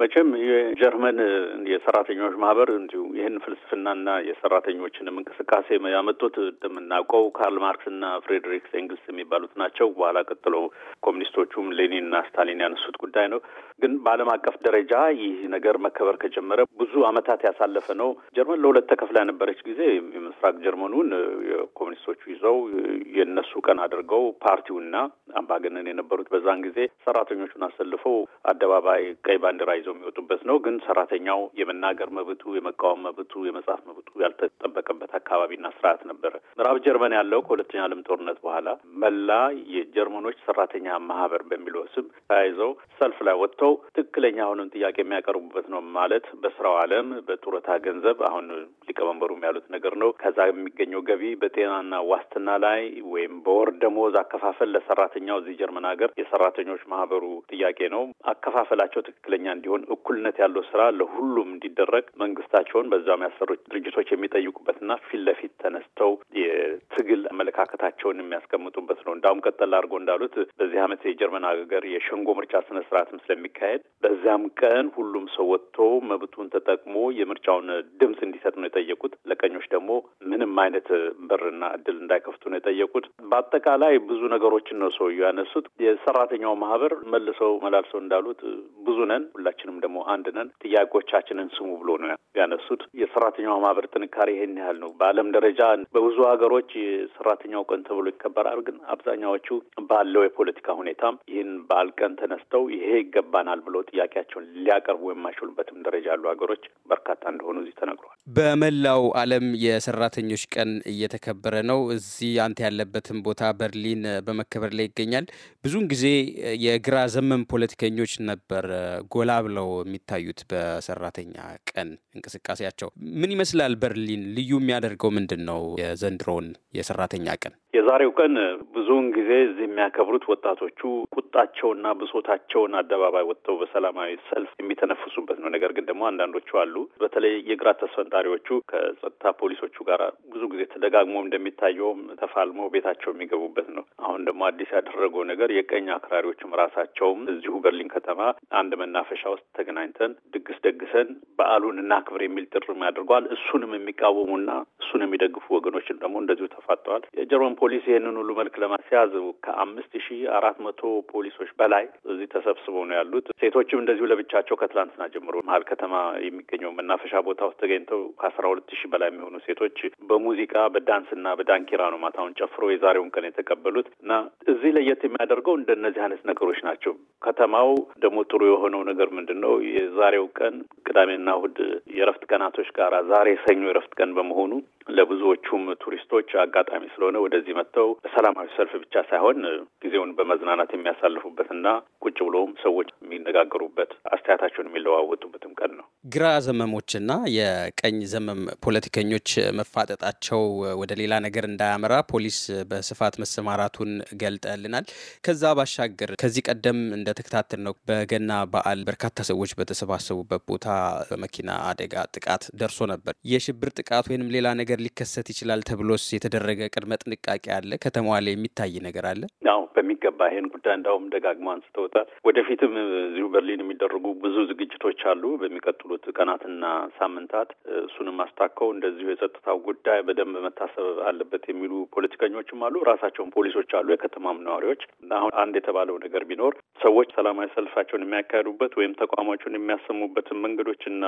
መቼም የጀርመን የሰራተኞች ማህበር እንዲሁ ይህን ፍልስፍናና የሰራተኞችንም እንቅስቃሴ ያመጡት እንደምናውቀው ካርል ማርክስና ፍሬድሪክ ኤንግልስ የሚባሉት ናቸው። በኋላ ቀጥሎ ኮሚኒስቶቹም ሌኒንና ስታሊን ያነሱት ጉዳይ ነው። ግን በዓለም አቀፍ ደረጃ ይህ ነገር መከበር ከጀመረ ብዙ ዓመታት ያሳለፈ ነው። ጀርመን ለሁለት ተከፍላ የነበረች ጊዜ የምስራቅ ጀርመኑን የኮሚኒስቶቹ ይዘው የእነሱ ቀን አድርገው ፓርቲውና አምባገነን የነበሩት በዛን ጊዜ ሰራተኞቹን አሰልፈው አደባባይ ቀይ ባንዲራ ይዘው ይዘው የሚወጡበት ነው። ግን ሰራተኛው የመናገር መብቱ፣ የመቃወም መብቱ፣ የመጻፍ መብቱ ያልተጠበቀበት አካባቢና ስርዓት ነበረ። ምዕራብ ጀርመን ያለው ከሁለተኛ ዓለም ጦርነት በኋላ መላ የጀርመኖች ሰራተኛ ማህበር በሚለው ስም ተያይዘው ሰልፍ ላይ ወጥተው ትክክለኛ አሁንም ጥያቄ የሚያቀርቡበት ነው ማለት በስራው ዓለም በጡረታ ገንዘብ አሁን ሊቀመንበሩም ያሉት ነገር ነው። ከዛ የሚገኘው ገቢ በጤናና ዋስትና ላይ ወይም በወር ደሞዝ አከፋፈል ለሰራተኛው እዚህ ጀርመን ሀገር የሰራተኞች ማህበሩ ጥያቄ ነው። አከፋፈላቸው ትክክለኛ እንዲሆን ሳይሆን እኩልነት ያለው ስራ ለሁሉም እንዲደረግ መንግስታቸውን በዛም ያሰሩ ድርጅቶች የሚጠይቁበትና ፊት ለፊት ተነስተው አመለካከታቸውን የሚያስቀምጡበት ነው። እንዳውም ቀጠል አድርጎ እንዳሉት በዚህ አመት የጀርመን ሀገር የሸንጎ ምርጫ ስነ ስርዓትም ስለሚካሄድ በዚያም ቀን ሁሉም ሰው ወጥቶ መብቱን ተጠቅሞ የምርጫውን ድምፅ እንዲሰጥ ነው የጠየቁት። ለቀኞች ደግሞ ምንም አይነት በርና እድል እንዳይከፍቱ ነው የጠየቁት። በአጠቃላይ ብዙ ነገሮችን ነው ሰውየው ያነሱት። የሰራተኛው ማህበር መልሰው መላልሰው እንዳሉት ብዙ ነን፣ ሁላችንም ደግሞ አንድ ነን፣ ጥያቄዎቻችንን ስሙ ብሎ ነው ያነሱት። የሰራተኛው ማህበር ጥንካሬ ይሄን ያህል ነው። በዓለም ደረጃ በብዙ ሀገሮች የሰራተኛ ሁለተኛው ቀን ተብሎ ይከበራል። ግን አብዛኛዎቹ ባለው የፖለቲካ ሁኔታ ይህን በዓል ቀን ተነስተው ይሄ ይገባናል ብሎ ጥያቄያቸውን ሊያቀርቡ የማይችሉበትም ደረጃ ያሉ ሀገሮች በርካታ እንደሆኑ እዚህ ተነግሯል። በመላው ዓለም የሰራተኞች ቀን እየተከበረ ነው። እዚህ አንተ ያለበትን ቦታ በርሊን በመከበር ላይ ይገኛል። ብዙውን ጊዜ የግራ ዘመን ፖለቲከኞች ነበር ጎላ ብለው የሚታዩት በሰራተኛ ቀን እንቅስቃሴያቸው ምን ይመስላል? በርሊን ልዩ የሚያደርገው ምንድን ነው? የዘንድሮውን የሰራተኛ American. የዛሬው ቀን ብዙውን ጊዜ እዚህ የሚያከብሩት ወጣቶቹ ቁጣቸውና ብሶታቸውን አደባባይ ወጥተው በሰላማዊ ሰልፍ የሚተነፍሱበት ነው። ነገር ግን ደግሞ አንዳንዶቹ አሉ፣ በተለይ የግራ ተስፈንጣሪዎቹ ከጸጥታ ፖሊሶቹ ጋር ብዙ ጊዜ ተደጋግሞ እንደሚታየውም ተፋልመው ቤታቸው የሚገቡበት ነው። አሁን ደግሞ አዲስ ያደረገው ነገር የቀኝ አክራሪዎችም ራሳቸውም እዚሁ በርሊን ከተማ አንድ መናፈሻ ውስጥ ተገናኝተን ድግስ ደግሰን በዓሉን እናክብር የሚል ጥሪም አድርጓል። እሱንም የሚቃወሙና እሱን የሚደግፉ ወገኖችን ደግሞ እንደዚሁ ተፋጠዋል። የጀርመን ፖሊስ ይህንን ሁሉ መልክ ለማስያዝ ከአምስት ሺ አራት መቶ ፖሊሶች በላይ እዚህ ተሰብስበው ነው ያሉት። ሴቶችም እንደዚሁ ለብቻቸው ከትላንትና ጀምሮ መሀል ከተማ የሚገኘው መናፈሻ ቦታ ውስጥ ተገኝተው ከአስራ ሁለት ሺህ በላይ የሚሆኑ ሴቶች በሙዚቃ በዳንስና በዳንኪራ ነው ማታውን ጨፍሮ የዛሬውን ቀን የተቀበሉት እና እዚህ ለየት የሚያደርገው እንደነዚህ አይነት ነገሮች ናቸው። ከተማው ደግሞ ጥሩ የሆነው ነገር ምንድን ነው? የዛሬው ቀን ቅዳሜና እሁድ የእረፍት ቀናቶች ጋራ ዛሬ ሰኞ የእረፍት ቀን በመሆኑ ለብዙዎቹም ቱሪስቶች አጋጣሚ ስለሆነ ወደዚህ መጥተው በሰላማዊ ሰልፍ ብቻ ሳይሆን ጊዜውን በመዝናናት የሚያሳልፉበትና ቁጭ ብሎም ሰዎች የሚነጋገሩበት አስተያየታቸውን የሚለዋወጡበትም ቀን ነው። ግራ ዘመሞችና የቀኝ ዘመም ፖለቲከኞች መፋጠጣቸው ወደ ሌላ ነገር እንዳያመራ ፖሊስ በስፋት መሰማራቱን ገልጠልናል። ከዛ ባሻገር ከዚህ ቀደም እንደተከታተል ነው በገና በዓል በርካታ ሰዎች በተሰባሰቡበት ቦታ በመኪና አደጋ ጥቃት ደርሶ ነበር። የሽብር ጥቃት ወይንም ሌላ ነገር ሊከሰት ይችላል ተብሎስ የተደረገ ቅድመ ጥንቃቄ አለ? ከተማዋ ላይ የሚታይ ነገር አለ? አዎ በሚገባ ይህን ጉዳይ እንዳውም ደጋግሞ አንስተውታል። ወደፊትም እዚሁ በርሊን የሚደረጉ ብዙ ዝግጅቶች አሉ በሚቀጥሉ ባለፉት ቀናትና ሳምንታት እሱንም አስታከው እንደዚሁ የጸጥታው ጉዳይ በደንብ መታሰብ አለበት የሚሉ ፖለቲከኞችም አሉ። ራሳቸውን ፖሊሶች አሉ፣ የከተማም ነዋሪዎች። አሁን አንድ የተባለው ነገር ቢኖር ሰዎች ሰላማዊ ሰልፋቸውን የሚያካሄዱበት ወይም ተቋማቸውን የሚያሰሙበትን መንገዶችና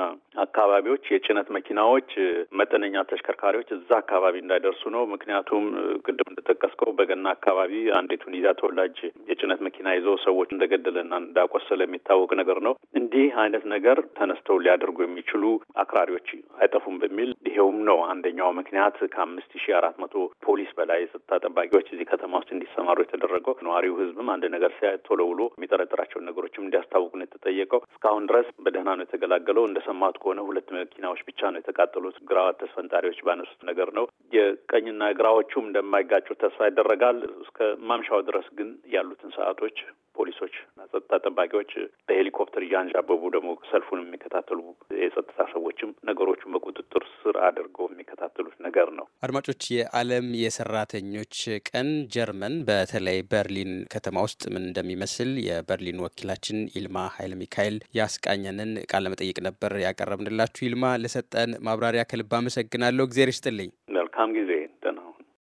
አካባቢዎች የጭነት መኪናዎች፣ መጠነኛ ተሽከርካሪዎች እዛ አካባቢ እንዳይደርሱ ነው። ምክንያቱም ቅድም እንደጠቀስከው በገና አካባቢ አንድ የቱኒዚያ ተወላጅ የጭነት መኪና ይዞ ሰዎች እንደገደለና እንዳቆሰለ የሚታወቅ ነገር ነው። እንዲህ አይነት ነገር ተነስተው ሊያ ሊያደርጉ የሚችሉ አክራሪዎች አይጠፉም በሚል ይሄውም ነው አንደኛው ምክንያት ከአምስት ሺ አራት መቶ ፖሊስ በላይ የጸጥታ ጠባቂዎች እዚህ ከተማ ውስጥ እንዲሰማሩ የተደረገው። ነዋሪው ህዝብም አንድ ነገር ሲያ ቶሎ ብሎ የሚጠረጥራቸውን ነገሮችም እንዲያስታውቁ ነው የተጠየቀው። እስካሁን ድረስ በደህና ነው የተገላገለው። እንደሰማሁት ከሆነ ሁለት መኪናዎች ብቻ ነው የተቃጠሉት። ግራ ተስፈንጣሪዎች ባነሱት ነገር ነው። የቀኝና ግራዎቹም እንደማይጋጩ ተስፋ ይደረጋል። እስከ ማምሻው ድረስ ግን ያሉትን ሰዓቶች ፖሊሶች እና ጸጥታ ጠባቂዎች በሄሊኮፕተር እያንዣበቡ ደግሞ ሰልፉን የሚከታተሉ የጸጥታ ሰዎችም ነገሮቹን በቁጥጥር ስር አድርገው የሚከታተሉት ነገር ነው። አድማጮች፣ የዓለም የሰራተኞች ቀን ጀርመን በተለይ በርሊን ከተማ ውስጥ ምን እንደሚመስል የበርሊን ወኪላችን ኢልማ ኃይለ ሚካኤል ያስቃኘንን ቃለ መጠይቅ ነበር ያቀረብንላችሁ። ኢልማ፣ ለሰጠን ማብራሪያ ከልብ አመሰግናለሁ። እግዜር ይስጥልኝ። መልካም ጊዜ።